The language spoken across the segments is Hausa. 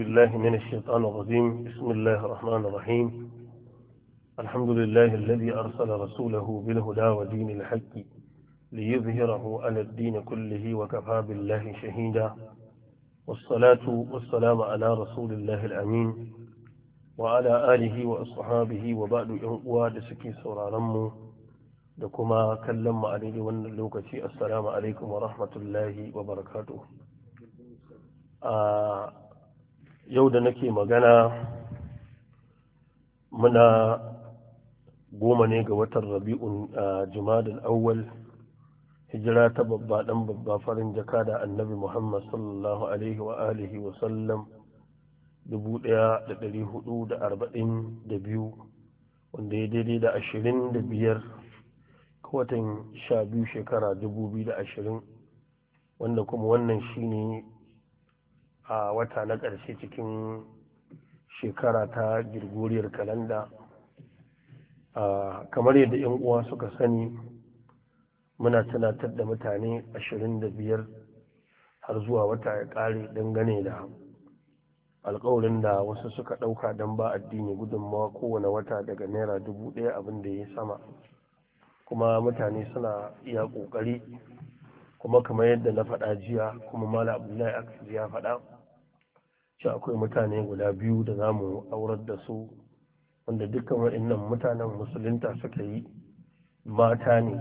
بالله من الشيطان الرجيم بسم الله الرحمن الرحيم الحمد لله الذي أرسل رسوله بالهدى ودين الحق ليظهره على الدين كله وكفى بالله شهيدا والصلاة والسلام على رسول الله الأمين وعلى آله وأصحابه وبعد ينقوى دسكي سورا رمو دكما كلم عليه ونلوكتي السلام عليكم ورحمة الله وبركاته آه yau da nake magana muna goma ne ga watan rabi'un a jimadin Auwal. hijira ta babba dan babba farin jaka da annabi muhammad sallallahu alaihi wa alihi wa sallam biyu wanda ya daidai da ashirin da biyar ga watan biyu shekara dubu biyu da ashirin wanda kuma wannan shine a wata na ƙarshe cikin shekara ta girgoriyar kalanda kamar yadda 'yan uwa suka sani muna tunatar da mutane 25 har zuwa wata ya ƙare dangane da alkawarin da wasu suka ɗauka don ba addini gudunmawa kowane wata daga naira dubu ɗaya abin da ya sama kuma mutane suna iya ƙoƙari kuma kamar yadda na faɗa jiya kuma mala abdullahi ya faɗa shi akwai mutane guda biyu da za mu aurar da su wanda dukkan waɗannan mutanen musulunta suka yi mata ne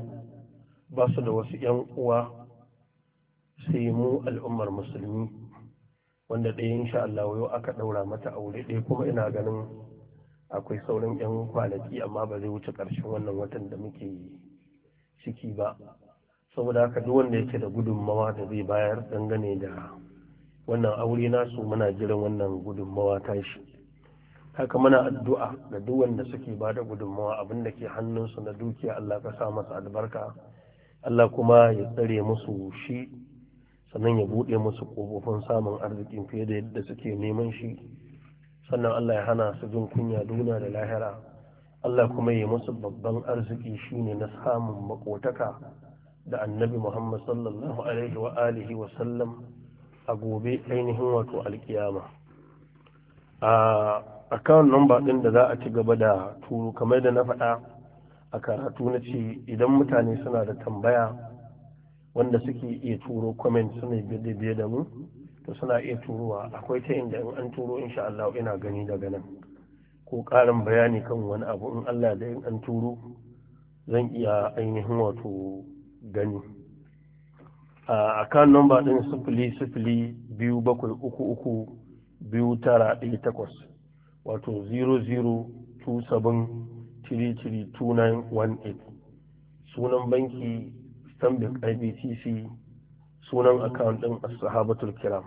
ba su da wasu 'yan uwa sai mu al'ummar musulmi wanda ɗaya insha Allah yau aka ɗaura mata aure ɗaya kuma ina ganin akwai sauran 'yan kwanaki amma ba zai wuce ƙarshen wannan watan da muke ciki ba saboda haka duk wanda yake da gudunmawa da zai bayar dangane da wannan aure nasu muna jiran wannan gudunmawa tashi haka muna addu'a ga duk wanda suke ba da gudunmawa abin da ke hannunsu na dukiya Allah ka sa masa albarka Allah kuma ya tsare musu shi sannan ya buɗe musu ƙofofin samun arzikin fiye da yadda suke neman shi sannan Allah ya hana su jin kunya duna da lahira Allah kuma ya musu babban arziki shine na samun makotaka da annabi Muhammad sallallahu alaihi wa alihi wa sallam a gobe ainihin wato alkiyama a account number ɗin da za a ci gaba da turu kamar da na faɗa a karatu na ce idan mutane suna da tambaya wanda suke iya turo comment suna biye da mu to suna iya turowa akwai ta inda in an turo insha Allah ina gani daga nan ko ƙarin bayani kan wani abu in Allah da in an turo zan iya ainihin wato gani akan nomba ɗin sifili sifili biyu bakwai uku uku biyu tara ɗaya takwas wato 0027332918 sunan banki stanbic ibtc sunan akawun ɗin sahabatul kiram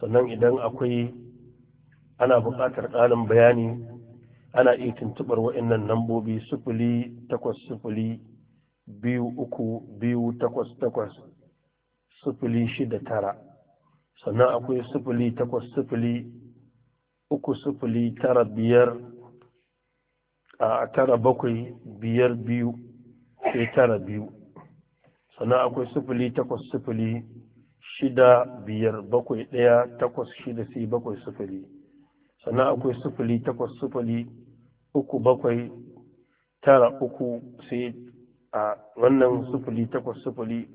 sannan idan akwai ana buƙatar ƙarin bayani ana iya tuntuɓar waɗannan nambobi sifili takwas sifili biyu uku biyu takwas takwas sufuli shida tara sannan akwai sufuli takwas sufuli uku sufuli tara biyar a tara bakwai biyar biyu sai tara biyu sannan akwai sufuli takwas sufuli shida biyar bakwai ɗaya takwas shida sai bakwai sufuli sannan akwai sufuli takwas sufuli uku bakwai tara uku sai a wannan sufuli takwas sufuli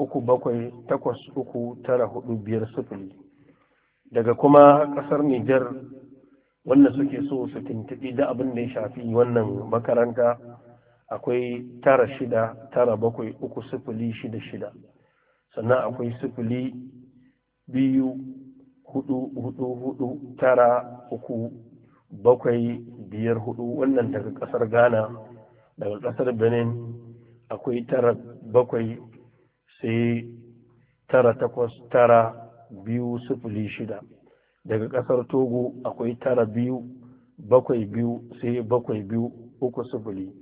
uku bakwai takwas uku tara hudu biyar daga kuma kasar Nijar wanda suke so su tuntuɓi da abin da ya shafi wannan makaranta akwai tara shida tara bakwai uku sufuri shida shida sannan akwai sifili biyu hudu hudu tara uku bakwai biyar hudu wannan daga kasar Ghana daga kasar Benin akwai tara bakwai sai tara takwas tara biyu sufuli shida daga ƙasar togo akwai tara biyu bakwai biyu sai bakwai biyu uku sufuli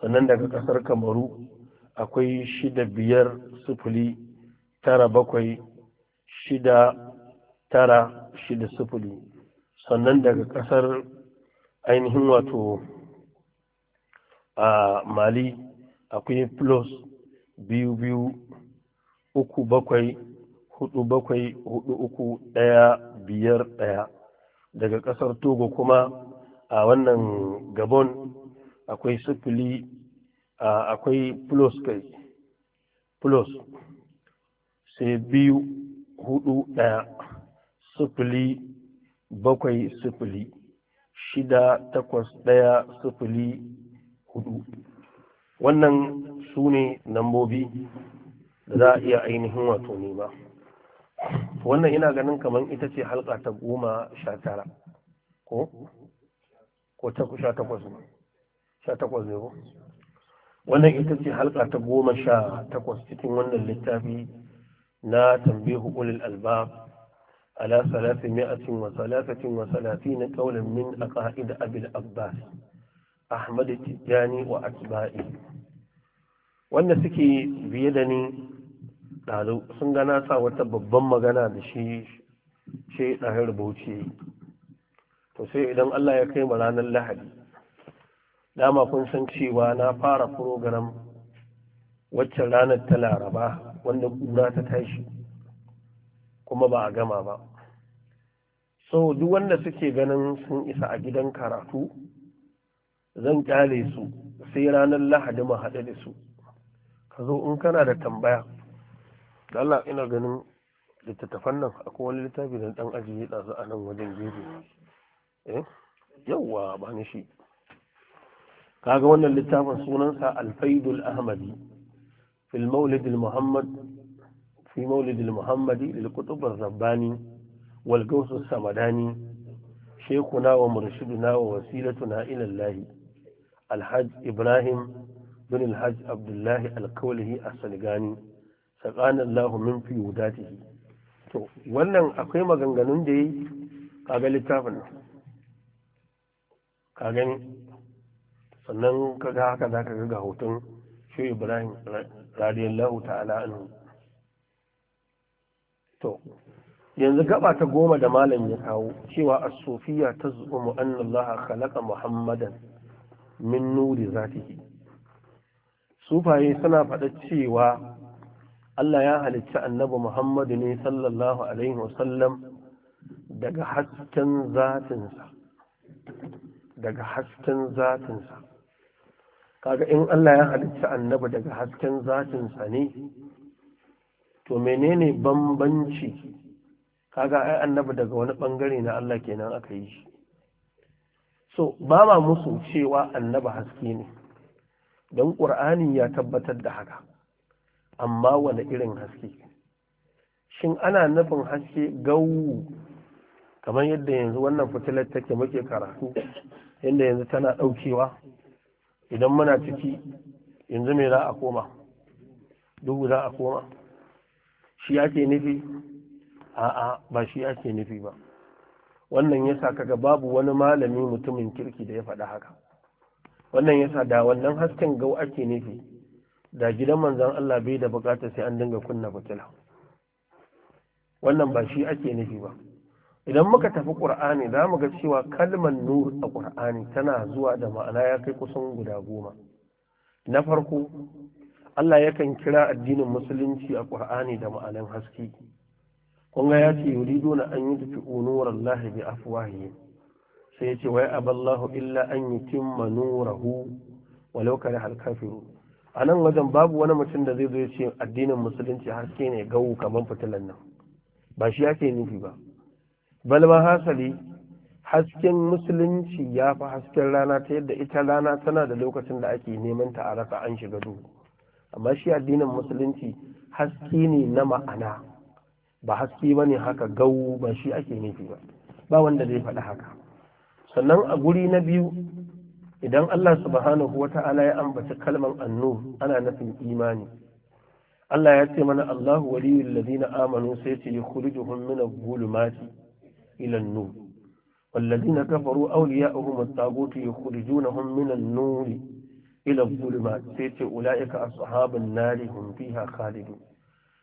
sannan daga ƙasar kamaru akwai shida biyar sufuli tara bakwai shida tara shida sufuli sannan daga ƙasar ainihin wato a mali akwai plus biyu biyu uku bakwai hudu bakwai hudu uku ɗaya biyar ɗaya daga ƙasar togo kuma a wannan gabon akwai sifili akwai plus kai plus sai biyu hudu ɗaya sifili bakwai sifili shida takwas ɗaya sifili hudu wannan su ne nambobi za a iya ainihin wato nema wannan ina ganin kamar ita ce halka ta goma sha tara ko ko ta sha takwas ne sha takwas ne ko wannan ita ce halka ta goma sha takwas cikin wannan littafi na tambihu ulil albab ala salasi mi'atin wa wasa, wa na qawlan min aqaid abil abbas ahmad tijani wa atba'i wanda suke biye da ni ɗalu sun gana sa wata babban magana da shi shi ɗahir bauchi to sai idan Allah ya kai mu ranar lahadi dama kun san cewa na fara program wacce ranar ta laraba wanda ƙura ta tashi kuma ba a gama ba so duk wanda suke ganin sun isa a gidan karatu zan kyale su sai ranar lahadi mu haɗu da su ka zo in kana da tambaya da Allah ina ganin littattafan nan akwai wani littafi da dan ajiye ɗazu a nan wajen gefe eh yawwa ba ni shi kaga wannan littafin sunansa alfaidul ahmadi fil maulid muhammad fi maulid muhammadi lil kutub zabbani wal gawsu samadani shaykhuna wa murshiduna wa wasilatuna ila allah alhaj ibrahim بن الحج abdullahi الله a salgani tsakanin الله من fi وداته to wannan akwai maganganun da yi kaga littafin nan sannan haka za ka ga hoton shi ibrahim radiyallahu ta'ala anhu to yanzu gaba ta goma da malam ya kawo cewa as sufiyya tazumu anna Allah khalaqa Muhammadan min nuri zatihi sufaye suna faɗa cewa Allah ya halicci annabi Muhammadu ne sallallahu alaihi wasallam daga hasken zatinsa daga hasken zatinsa kaga in Allah ya halicci annabi daga hasken zatinsa ne to menene bambanci kaga ai annabi daga wani bangare na Allah kenan aka yi shi so ba ma musu cewa annabi haske ne don ƙur'ani ya tabbatar da haka amma wani irin haske shin ana nufin haske gawu kamar yadda yanzu wannan fitilar take muke karatu yadda yanzu tana ɗaukewa idan muna ciki yanzu me za a koma duhu za a koma shi ake nufi a'a ba shi ake nufi ba wannan yasa kaga babu wani malami mutumin kirki da ya faɗa haka wannan yasa da wannan hasken gau ake nufi da gidan manzan Allah bai da bukata sai an dinga kunna fitila wannan ba shi ake nufi ba idan muka tafi qur'ani za mu ga cewa kalmar nur a qur'ani tana zuwa da ma'ana ya kai kusan guda goma na farko Allah yakan kira addinin musulunci a qur'ani da ma'anan haske kun ga ya ce yuriduna an yi yudfi'u nurallahi bi afwahihim sai ya ce wai aballahu illa an yi timma nurahu walau kare halkafiru a nan wajen babu wani mutum da zai zo ya ce addinin musulunci haske ne gawu kamar fitilan nan ba shi yake nufi ba balma hasali hasken musulunci ya fi hasken rana ta yadda ita rana tana da lokacin da ake neman ta a rasa an shiga duhu amma shi addinin musulunci haske ne na ma'ana ba haske ba ne haka gawu ba shi ake nufi ba ba wanda zai faɗi haka sannan a guri na biyu idan Allah subhanahu wa ta’ala ya ambaci kalman annur ana nufin imani Allah ya ce mana Allah waliyu lalazina amanu sai ce kuliju hummina gulmati ilan nur wallazina kafaru auliya ahumar tsagoti ya kuliju na hummina nuri ilan gulmati sai ce ula’ika a sahabin nari hunfi ha khalidu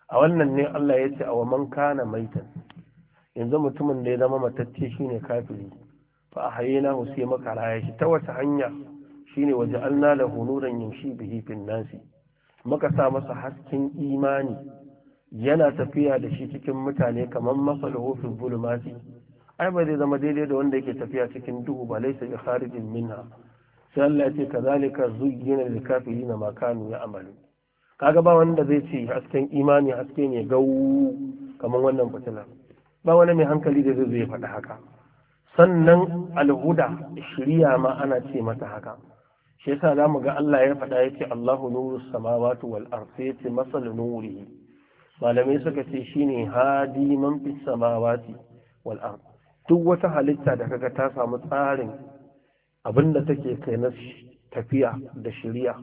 a wannan ne Allah ya ce a wa man kana maitan yanzu mutumin da ya zama matacce shine kafiri fa na sai maka raya shi ta wata hanya shine waja'alna lahu nuran yamshi bihi fin nasi makasa sa masa hasken imani yana tafiya da shi cikin mutane kamar masalahu fil zulumati ai ba zai zama daidai da wanda yake tafiya cikin duhu ba laisa bi kharijin minha sai Allah ya ce kazalika zuyyina lil kafirina ma kanu ya'malu kaga ba wanda zai ce hasken imani haske ne gau kamar wannan fitila ba wani mai hankali da zai faɗi haka sannan alhuda shiriya ma ana ce mata haka shi yasa zamu ga Allah ya faɗa yace Allahu nuru samawati wal ardi ce masal nuri malamai suka ce shine hadi man fis samawati wal ardi duk wata halitta da kaga ta samu tsarin abinda take kai na tafiya da shiriya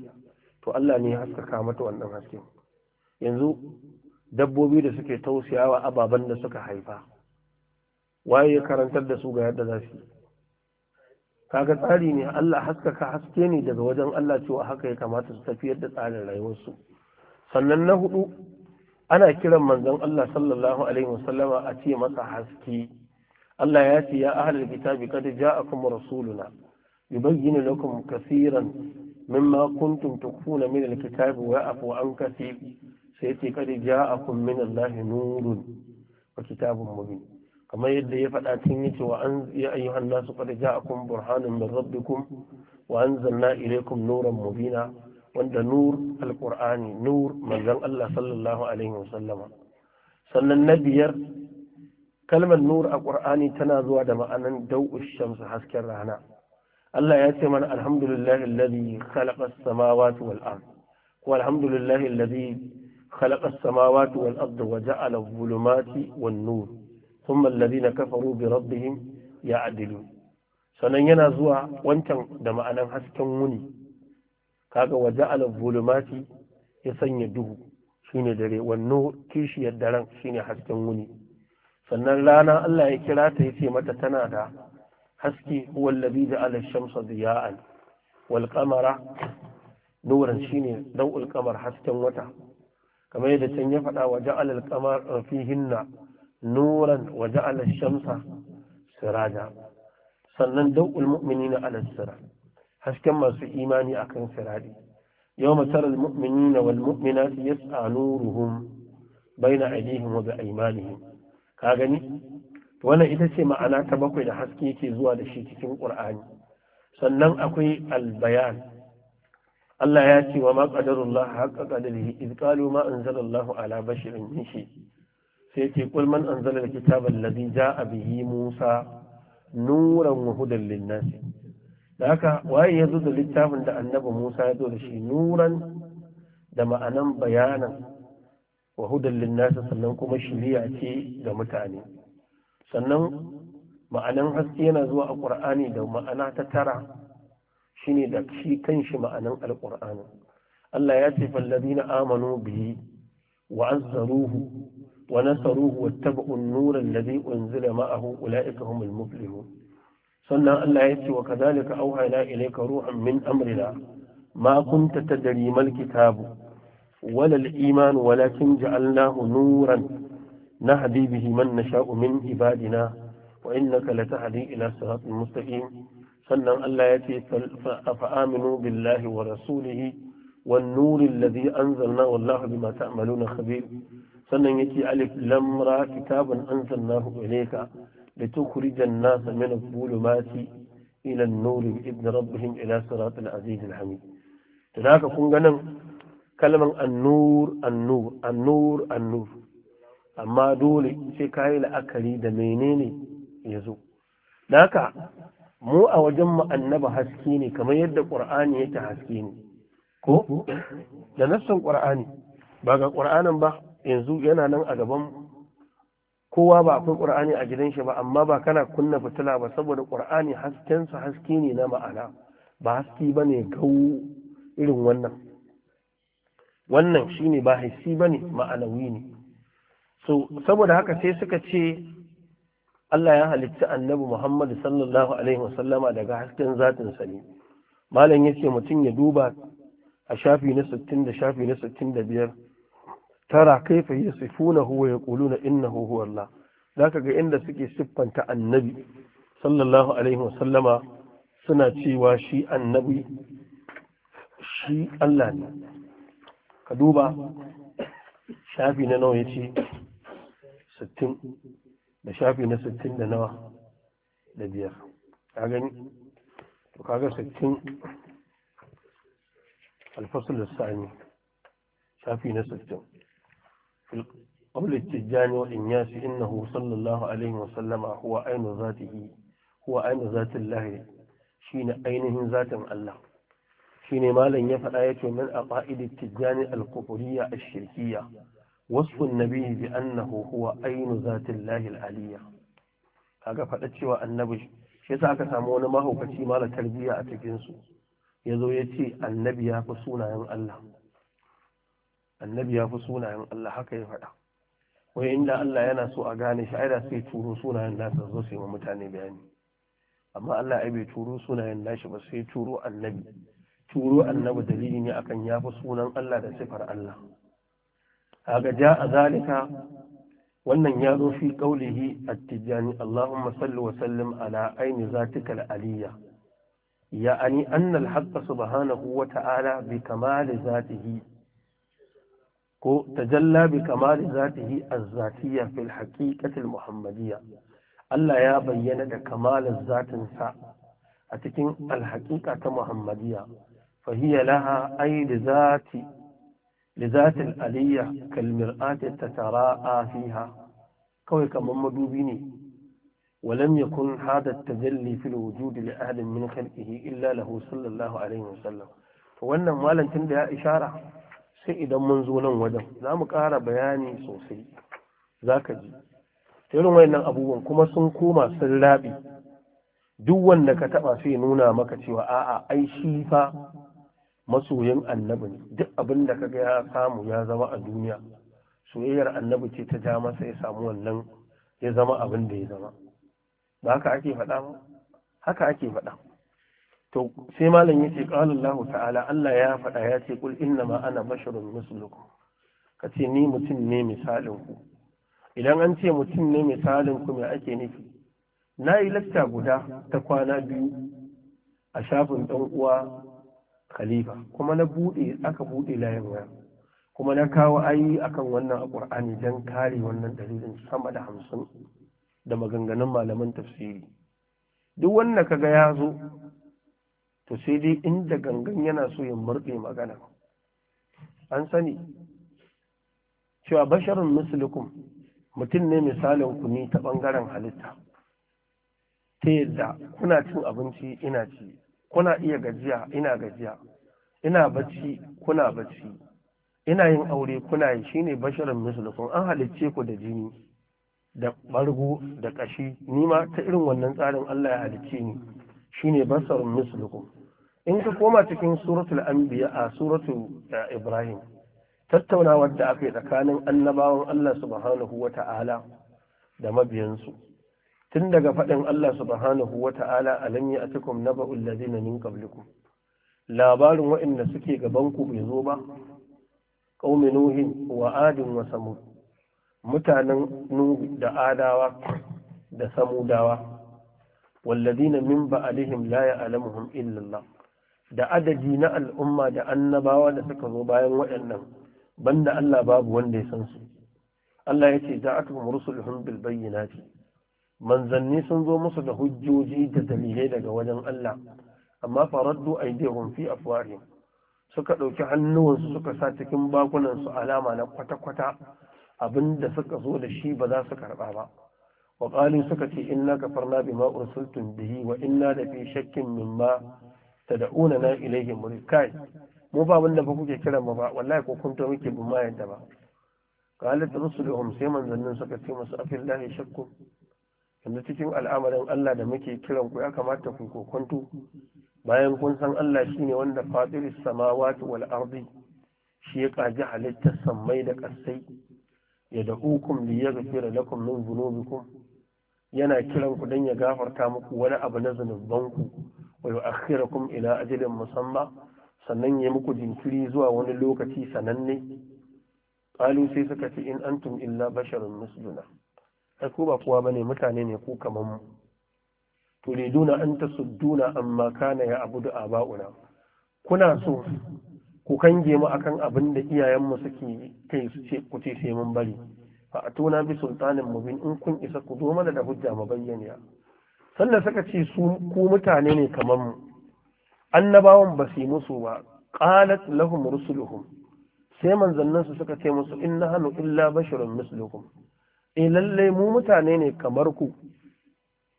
to Allah ne ya haskaka mata wannan haske. yanzu dabbobi da suke tausiyawa ababen da suka haifa waye ya karantar da su ga yadda za su kaga tsari ne Allah haskaka haske ne daga wajen Allah cewa haka ya kamata su tafi yadda tsarin rayuwarsu sannan na hudu ana kiran manzon Allah sallallahu alaihi wasallama a ce masa haske Allah ya ce ya ahlul kitabi kad ja'akum rasuluna yubayyinu lakum kaseeran mimma kuntum tukhfuna min alkitabi wa afu an kaseer sai ce kad ja'akum min Allah nurun wa kitabun mubin kamar yadda ya faɗa tun yace wa an ya ayyuhan nasu qad ja'akum burhanun min rabbikum wa anzalna ilaykum nuran mubina wanda nur alqur'ani nur manzon Allah sallallahu alaihi wasallama sannan na biyar kalmar nur a qur'ani tana zuwa da ma'anan dau'u shams hasken rana Allah ya ce mana alhamdulillah alladhi khalaqa as-samawati wal ard wa alhamdulillahi alladhi khalaqa as-samawati wal ard wa ja'ala adh-dhulumati wan nur thumma alladhina kafaru bi rabbihim ya'dilun sannan yana zuwa wancan da ma'anan hasken wuni kaga waje al-zulumati ya sanya duhu shine dare wannan kishiyar daren shine hasken wuni sannan rana Allah ya kira ta yace mata tana da haske huwa da ja'ala shamsa diya'an wal qamara nuran shine dawul qamar hasken wata kamar yadda can ya faɗa waje ja'ala al-qamara fihinna nuran waje ja'ala shamsa sannan dawul mu'minina ala hasken masu imani akan sirati yawma tara al mu'minina wal mu'minati yas'a nuruhum baina aydihim wa bi'aymanihim ka gani wannan ita ce ma'ana ta bakwai da haske yake zuwa da shi cikin qur'ani sannan akwai al-bayan Allah ya ce wa ma qadarullah haqqa qadarihi iz qalu ma anzalallahu ala basharin min shay sai ce qul man anzala alkitaba alladhi ja'a bihi Musa nuran wa hudan linnas da haka waye ya zo da littafin da annabi Musa ya zo da shi nuran da ma'anan bayanan wa hudan linnas sannan kuma shiriya ce ga mutane sannan ma'anan haske yana zuwa a ƙur'ani da ma'ana ta tara shine da shi kanshi ma'anan alƙur'ani Allah ya ce fallazina amanu bihi wa azzaruhu ونصروه واتبعوا النور الذي أنزل معه أولئك هم المفلحون صنع الله يتي وكذلك أوحينا إليك روحا من أمرنا ما كنت تدري ما الكتاب ولا الإيمان ولكن جعلناه نورا نهدي به من نشاء من عبادنا وإنك لتهدي إلى صراط المستقيم صنع الله يتي فآمنوا بالله ورسوله والنور الذي أنزلنا والله بما تعملون خبير sannan yake alif lam ra kitabun anzalnahu ilayka litukhrijan nasa min adh-dhulumati ila an-nur bi rabbihim ila siratil al hamid to da haka kun ganin kalman an-nur an-nur amma dole sai kayi la'akari da menene yazo da haka mu a wajen mu annaba haske ne kamar yadda qur'ani yake haske ne ko da nassan qur'ani ba ga qur'anin ba yanzu yana nan a gaban kowa ba akwai ƙur'ani a gidan shi ba amma ba kana kunna fitila ba saboda ƙur'ani haskensa haske ne na ma'ana ba haske ba ne gawo irin wannan wannan shine ba hissi ba ne ma'anawi ne so saboda haka sai suka ce Allah ya halitta annabi Muhammad sallallahu alaihi wasallama daga hasken zatin sa ne malam yace mutum ya duba a shafi na 60 da shafi na 65 tara kaifa yasifunahu wa yaquluna innahu huwa Allah zaka ga inda suke siffanta annabi sallallahu alaihi wa sallama suna cewa shi annabi shi Allah ne ka duba shafi na nawa yace 60 da shafi na 60 da nawa da biyar ka gani to ga 60 alfasul sani shafi na 60 قول التجان والإنياس إنه صلى الله عليه وسلم هو عين ذاته هو عين ذات الله شين عينه ذات الله شين ما لن يفعل آية من أقائد التجان الكفرية الشركية وصف النبي بأنه هو عين ذات الله العلية هذا فقدت شوى النبي shi sa aka samu wani mahaukaci mara tarbiyya a cikinsu ya zo ya ce annabi ya fi sunayen Allah annabi ya fi sunayen Allah haka ya faɗa wai inda Allah yana so a gane shi ai sai turo sunayen nasa zo sai ma mutane bayani amma Allah ai bai turo sunayen nashi ba sai turo annabi turo annabi dalili ne akan ya fi sunan Allah da sifar Allah kaga ja a zalika wannan ya zo fi qaulihi at-tijani Allahumma salli wa sallim ala aini zatikal aliyya ya ani anna al-haqq subhanahu wa ta'ala bi kamali zatihi ko tajalla bi kamali zatihi az-zatiyya fil haqiqati muhammadiyya Allah ya bayyana da kamalar zatin sa a cikin al ta muhammadiyya fa hiya laha ay li zati li zati aliyya kal mir'ati tatara'a fiha kawai kaman madubi ne ولم يكن هذا التجلي في الوجود لأحد من خلقه إلا له صلى الله عليه وسلم فوانا مالا تندها إشارة sai idan mun zo nan wajen za mu ƙara bayani sosai za ka ji irin wayannan abubuwan kuma sun koma sun rabi duk wanda ka taɓa sai nuna maka cewa a'a ai shi fa masoyin annabi ne duk abin da ka ga ya samu ya zama a duniya soyayyar annabi ce ta ja masa ya samu wannan ya zama abin da ya zama ba haka ake faɗa ba haka ake faɗa to sai malam yace qala Allah ta'ala Allah ya faɗa ya ce kul inna ma ana basharun mislukum kace ni mutum ne misalin ku idan an ce mutum ne misalin ku me ake nufi na yi lakta guda ta kwana biyu a shafin ɗan uwa khalifa kuma na buɗe aka buɗe layin waya kuma na kawo ayi akan wannan alqur'ani dan kare wannan dalilin sama da hamsin da maganganun malaman tafsiri duk wanda kaga ya zo to sai dai inda gangan yana so ya murɗe magana an sani cewa basharin musulukun mutum ne misalin ku ne ta ɓangaren halitta ta yadda kuna cin abinci ina ci kuna iya gajiya ina gajiya ina bacci kuna bacci ina yin aure kuna yi shine basharin musulukun an halicce ku da jini da ɓargo da ƙashi nima ta irin wannan tsarin Allah ya halicce ni shine basarun mislukum in ka koma cikin suratul anbiya a suratul eh, ibrahim tattaunawar da aka yi tsakanin annabawan Allah subhanahu wa da mabiyansu tun daga faɗin Allah subhanahu wa ta'ala alam ya atikum naba'ul ladina min qablikum labarin waɗanda suke gaban ku bai zo ba qaumi nuhin wa adin wa samud mutanen nuhu da adawa da samudawa walladina min ba'alihim la ya'lamuhum illa Allah da adadi na al'umma da annabawa da suka zo bayan waɗannan banda Allah babu wanda ya san su Allah ya ce ja'atuhum rusuluhum bil bayyinati manzanni sun zo musu da hujjoji da dalilai daga wajen Allah amma faraddu aydihum fi afwahihim suka ɗauki hannuwansu suka sa cikin su alama na kwata-kwata abinda suka zo da shi ba za su karɓa ba wa suka ce inna kafarna bima ursiltum bihi wa inna la fi shakkin mimma tad'una na ilayhi murikai mu ba wanda ba kuke kiran mu ba wallahi ko kun to muke bin ma yadda ba qalat rusuluhum sai manzannin suka ce musu afillahi shakku yanzu cikin al'amarin Allah da muke kiran ku ya kamata ku kokonto bayan kun san Allah shine wanda fatiris samawati wal ardi shi ya kaji halittar sammai da ƙasai ya da'ukum li yaghfira lakum min dhunubikum yana kiran ku don ya gafarta muku wani abu na ku wa yu'akhirakum ila ajalin musamma sannan ya muku jinkiri zuwa wani lokaci sananne qalu sai suka ce in antum illa basharun misluna ai ku ba kowa bane mutane ne ku kaman mu turiduna an tasudduna amma kana ya abudu aba'una kuna so ku kange mu akan abin da iyayenmu suke kai su ce ku ce sai mun bari A tuna bi sultanin mubin in kun isa ku zo mana da hujja mu bayyana. sannan suka ce su ku mutane ne kamar mu annabawan ba su yi musu ba qalat lahum rusuluhum sai manzannin su suka ce musu inna hanu illa basharun mislukum eh lalle mu mutane ne kamar ku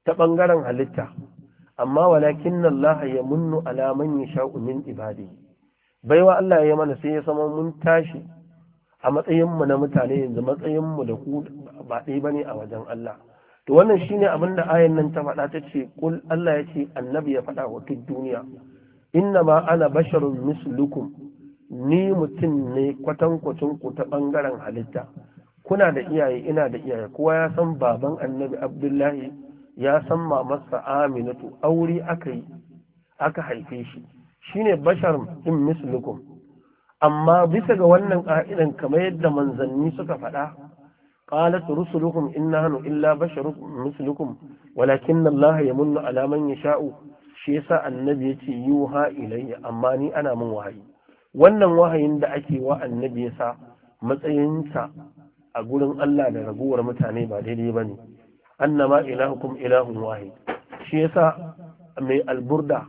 ta bangaren halitta amma walakin Allah ya munnu ala man yasha'u min ibadi baiwa Allah ya mana sai ya sama mun tashi a matsayinmu na mutane yanzu matsayinmu da ku ba ɗaya ba ne a wajen Allah to wannan shine abin da ayan nan ta faɗa ta ce kul Allah ya ce annabi ya faɗa wa duk duniya inna ma ana basharun mislukum ni mutum ne kwatankwacin ku ta bangaren halitta kuna da iyaye ina da iyaye kowa ya san baban annabi abdullahi ya san mamarsa aminatu aure aka yi aka haife shi shine bashar in mislukum amma bisa ga wannan ƙa'idan kamar yadda manzanni suka faɗa qalat rusulukum in nahnu illa basharun mislukum walakin Allah yamunnu ala man yasha'u shi yasa annabi yace yuha ilayya amma ni ana min wahayi wannan wahayin da ake wa annabi yasa matsayinsa a gurin Allah da raguwar mutane ba daidai bane annama ilahukum ilahun wahid shi yasa mai alburda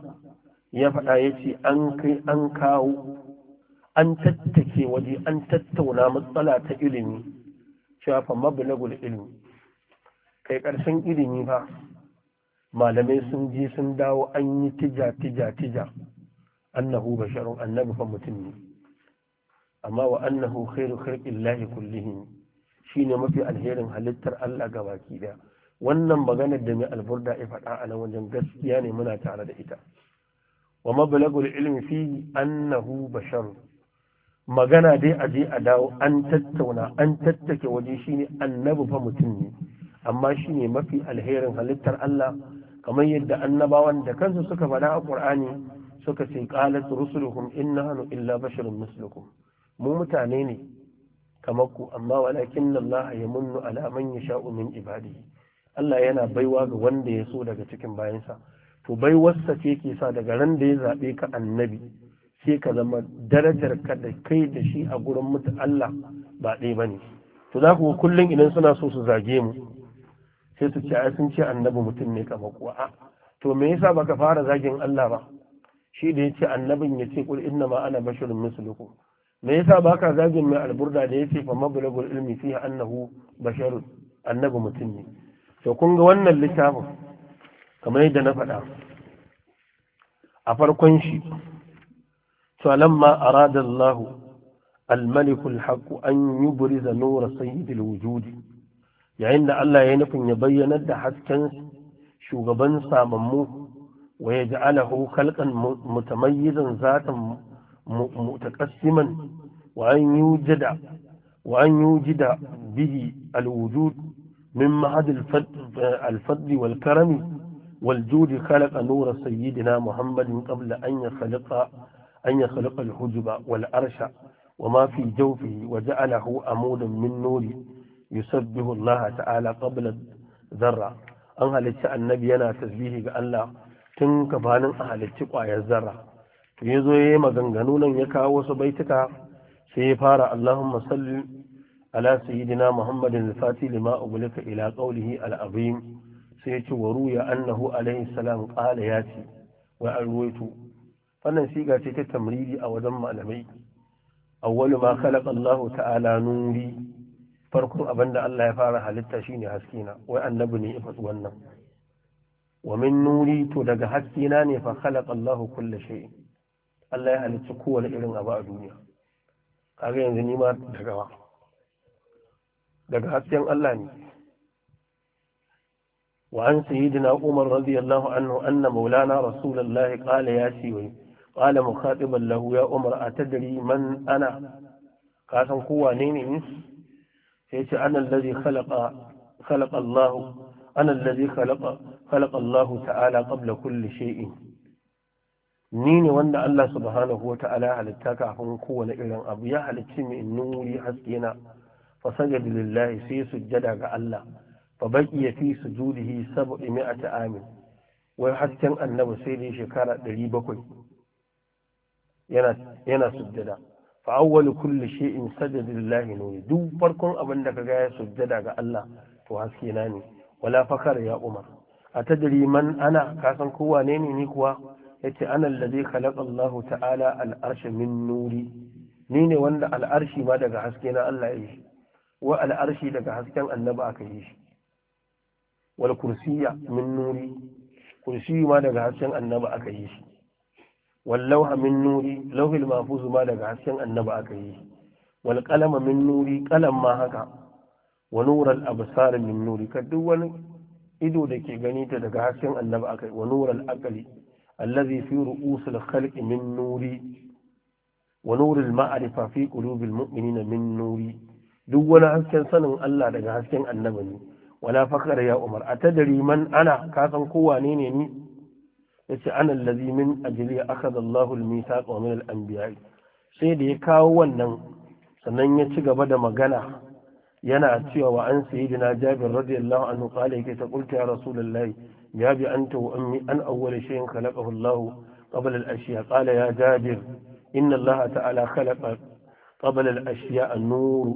ya faɗa yace an kai an kawo an tattake waje an tattauna matsala ta ilimi shafa fa ilmi ilimi kai ƙarshen ilimi ba malamai sun je sun dawo an yi tija tija tija annahu basharun annabi fa mutum ne amma wa annahu khairu llahi kullihim shine mafi alherin halittar Allah ga baki daya wannan maganar da mai alburda ya faɗa a nan wajen gaskiya ne muna tare da ita wa mablagul ilmi fi annahu basharun magana dai a je a dawo an tattauna an tattake waje shine annabi fa mutum ne amma shine mafi alherin halittar Allah kamar yadda annabawan da kansu suka faɗa a Qur'ani suka ce qalat rusuluhum innahu illa basharun mislukum mu mutane ne kamar ku amma walakin Allah ya munnu ala man yasha'u min ibadi. Allah yana baiwa ga wanda ya so daga cikin bayansa to baiwarsa ce ke sa daga ran da ya zaɓe ka annabi sai ka zama darajar ka da kai da shi a gurin mutu Allah ba ɗaya ne. to za ku kullum idan suna so su zage mu sai su ce ai sun ce annabi mutum ne kamar kuwa to me yasa baka fara zagin Allah ba shi da yace annabin ce kul inna ma ana basharun mislukum me yasa baka zagin mai alburda da ya ce fa mablagul ilmi fiha annahu basharun annabi mutum ne to kun ga wannan littafin kamar yadda na faɗa a farkon shi فلما أراد الله الملك الحق أن يبرز نور سيد الوجود يعني أن الله ينفن يبين الدحس كنس شغبان ساممو ويجعله خلقا متميزا ذاتا متقسما وأن يوجد وأن يوجد به الوجود من معهد الفضل والكرم والجود خلق نور سيدنا محمد قبل أن يخلق أن يخلق الحجب والأرش وما في جوفه وجعله أمودا من نور يسبه الله تعالى قبل الذرة أن هلتش النبي أنا تسبيه بأن تنكفانا أهلتش قوايا الذرة يزو يما غنغنونا يكا وسبيتك سيفار اللهم صل على سيدنا محمد الفاتي لما أغلق إلى قوله العظيم سيتي وروي أنه عليه السلام قال ياتي وأرويت wannan siga ce ta tamridi a wajen malamai awwalu ma khalaqa Allahu ta'ala nuri farkon abinda Allah ya fara halitta shine haske na wai annabi ne ya faɗi wannan wa min nuri to daga haske na ne fa khalaqa Allahu kulla shay Allah ya halicci kowane irin abu a duniya kaga yanzu ni ma daga wa daga hasken Allah ne وعن سيدنا عمر رضي الله عنه أن مولانا رسول الله قال يا سيوي qala mukhatiban lahu ya umar a tadari ana ka san kowa ne eh? sai ce ana allazi ta'ala qabla kulli shay'in ni ne wanda Allah subhanahu wa ta'ala halitta kafin kowane irin abu ya halicci mai innin wuri haske na fasajadu lillahi sai sujjada ga Allah fa baqiya fi sujudihi sab'u mi'ati amin wai hasken annabi sai dai shekara 700 yana sujjada fa awwalu kulli shay'in sajada lillahi nuri duk farkon abin da kaga ya sujjada ga Allah to haske na ne wala fakar ya umar a tadri man ana ka san ko wane ne ni kuwa yace ana zai khalaqa Allah ta'ala al-arsh min nuri ni ne wanda al'arshi ma daga haske na Allah ya yi wa al'arshi daga hasken annaba aka yi shi wal kursiya min nuri kursiyi ma daga hasken annaba aka yi shi wallau min nuri lauhil mahfuz zuma daga hasken annabi aka yi wal kalama min nuri qalam ma haka wa nural absar min nuri duk wani ido da ke gani ta daga hasken annabi aka yi wa nural aqli allazi fi ru'usil khalqi min nuri wa nuril ma'rifa fi qulubil mu'minina min nuri duk wani hasken sanin Allah daga hasken annabi ne wala fakara ya umar a tadari man ana ka san kowa ne ne ni Yaci ana allazi min ajli akhadha Allahu al-mithaq wa sai da ya kawo wannan sannan ya ci gaba da magana yana cewa wa an dina Jabir radiyallahu anhu qala yake ta qulta ya rasulullahi ya bi an wa ummi an awwal shay'in khalaqahu Allah qabla al ashiya. qala ya Jabir inna Allah ta'ala khalaqa qabla al-ashya an-nur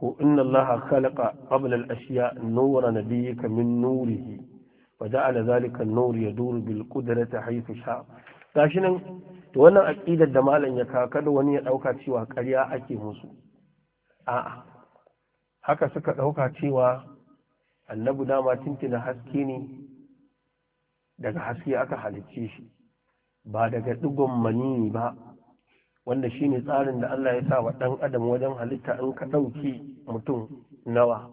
ko inna Allah khalaqa qabla al-ashya nura nabiyyika min nurihi wa ja'ala zalika an-nur yaduru bil qudrati haythu sha gashi to wannan aqidar da malam ya kawo kada wani ya dauka cewa ƙarya ake musu a'a haka suka dauka cewa annabi dama tintina haske ne daga haske aka halicce shi ba daga digon mani ba wanda shine tsarin da Allah ya sa wa dan adam wajen halitta an ka dauki mutum nawa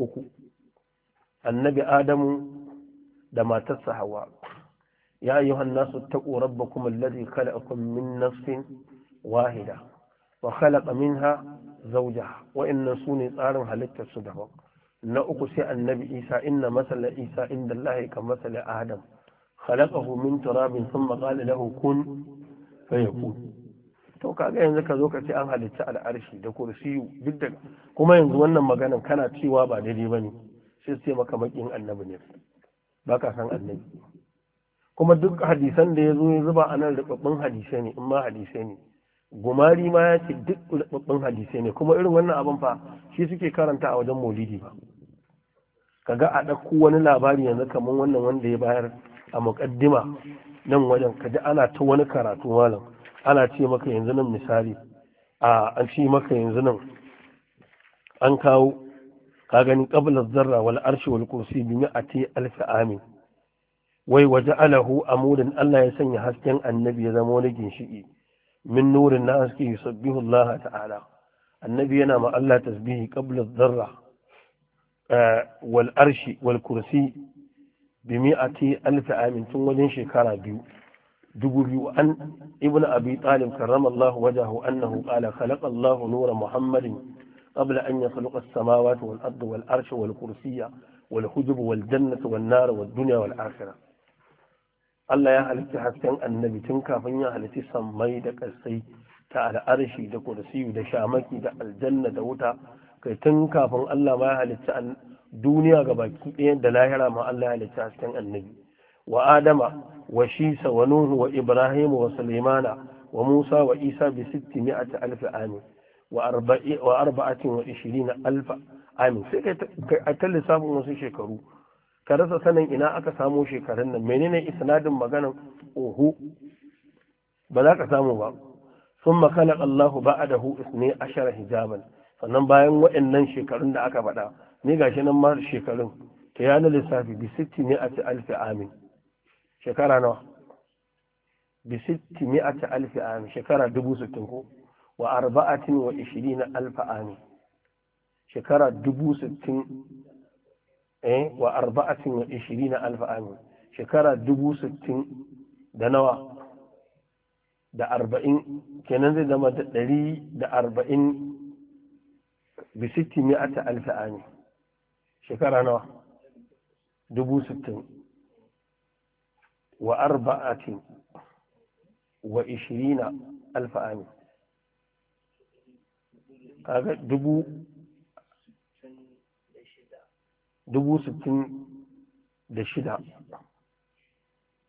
uku annabi adamu da matarsa hawa ya yi hannasu taƙo kuma allazi khalaqakum min nafsin wahida wa khalaqa minha zauja wa'annan sune tsarin halittar su daban na uku sai annabi isa inna masala isa inda allahi ka masala adam khalaqahu min turabin thumma qala lahu kun fayakun to kaga yanzu ka zo ka ce an halicci al'arshi da kursiyu duk da kuma yanzu wannan maganan kana cewa ba daidai ne, sai sai maka baƙin annabi ne ba ka san annabi kuma duk hadisan da ya zo ya zuba anan nan ribabbin hadisai ne in ma hadisai ne gumari ma ya ce duk ribabbin hadisai ne kuma irin wannan abin fa shi suke karanta a wajen maulidi ba kaga a ɗauko wani labari yanzu kamar wannan wanda ya bayar a muqaddima nan wajen kaji ana ta wani karatu malam ana ce maka yanzu nan misali a an ce maka yanzu nan an kawo ka gani qabla zarra wal arshi wal kursi bi ati alfi amin wai alahu amudin Allah ya sanya hasken annabi ya zama wani ginshiƙi min nurin na haske yusabbihu Allah ta'ala annabi yana ma Allah tasbihi qabla zarra eh, wal arshi wal kursi bi ati alfi amin tun wajen shekara biyu dubu biyu an ibn abi talib karramallahu wajahu annahu qala khalaqa Allah nura muhammadin قبل أن يخلق السماوات والأرض والأرش والكرسي والحجب والجنة والنار والدنيا والآخرة Allah ya halitta hasken annabi tun kafin ya halitta sammai da ƙasai ta al'arshi da kursiyu da shamaki da aljanna da wuta kai tun kafin Allah ma ya halitta duniya ga baki ɗaya da lahira ma Allah ya halitta hasken annabi wa adama wa shisa wa nuhu wa ibrahim wa sulaimana wa musa wa isa bi sitti mi'ati alfi amin wa arba'atin wa ishirina alfa amin sai kai a ta lissafin wasu shekaru ka rasa sanin ina aka samo shekarun nan menene isnadin maganan oho ba za ka samu ba sun makana Allahu ba'adahu isne ashara hijaban sannan bayan waɗannan shekarun da aka faɗa ni gashi nan ma shekarun ta yana lissafi bi sitti ne a ci alfi amin shekara nawa bi sitti ne a ci alfi amin shekara dubu sittin ko وأربعة وعشرين ألف عام شكرا دبو ستين إيه وأربعة وعشرين ألف عام شكرا دبو ستين دنوا دا أربعين كنان دا مدلي دا أربعين بستي مئة ألف عام شكرا نوا دبو ستين وأربعة وعشرين ألف عام kaga dubu dubu sittin da shida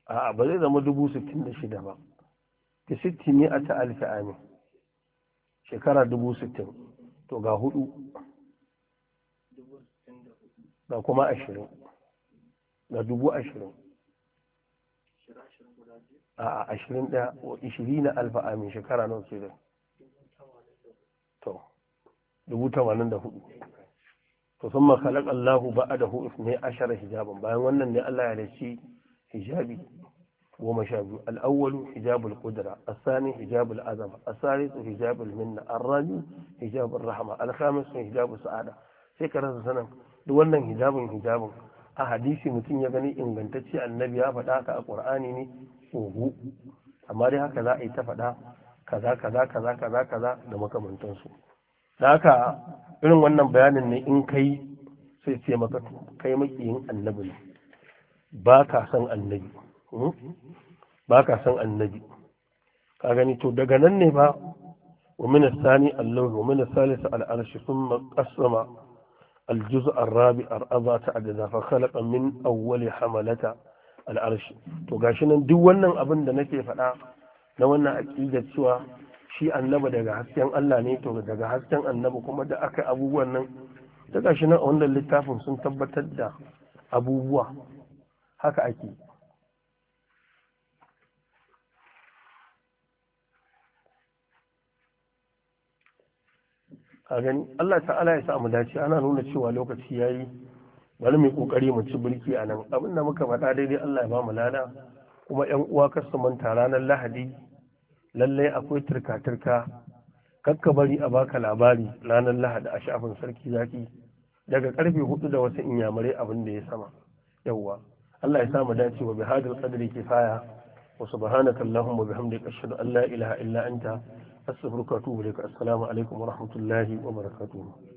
a ba zai zama dubu sittin da shida ba ta sitti ne a ta'alfi ami shekara dubu sittin to ga hudu ga kuma ashirin ga dubu ashirin a ashirin daya wa ishirin na alfa amin shekara nan su to dubu tamanin da hudu to sun makalak Allahu ba'a da hu ne ashara hijaban bayan wannan ne Allah ya rashi hijabi goma sha biyu al'awwalu hijabul qudra asani hijabul azama asalisu hijabul minna arraju hijabul rahma alkhamis hijabul sa'ada sai ka rasa sanan duk wannan hijabin hijabin a hadisi mutum ya gani ingantacce annabi ya faɗa ka a qur'ani ne ogu amma dai haka za a yi ta faɗa kaza kaza kaza kaza kaza da makamantansu da haka irin wannan bayanin ne in kai sai ce maka kai makiyin annabi ne ba ka san annabi hmm? ba ka san annabi ka gani to daga nan ne ba wa min sani Allah wa min salis al arshi thumma qasama al juz' ar rabi ar azata adza fa khalaqa min awwal hamalata al arshi to gashi nan duk wannan abin da nake faɗa na wannan aqidar cewa shi annaba daga hasken Allah ne to daga hasken annaba kuma da aka abubuwan nan da gashi nan a wannan littafin sun tabbatar da abubuwa haka ake a gani Allah ta'ala ya sa mu dace ana nuna cewa lokaci yayi bari mu kokari mu ci birki a nan abin muka faɗa daidai Allah ya ba mu lada kuma ƴan uwa kasu manta ranar Lahadi lallai akwai turka-turka kakka bari a baka labari ranar lahadi a shafin sarki zaki daga karfe hudu da wasu inyamurai abin da ya sama yawwa Allah ya samu dace wa bihadal qadri kifaya wa subhanaka allahumma wa bihamdika ashhadu an la ilaha illa anta astaghfiruka wa atubu ilaik assalamu alaikum wa rahmatullahi wa barakatuh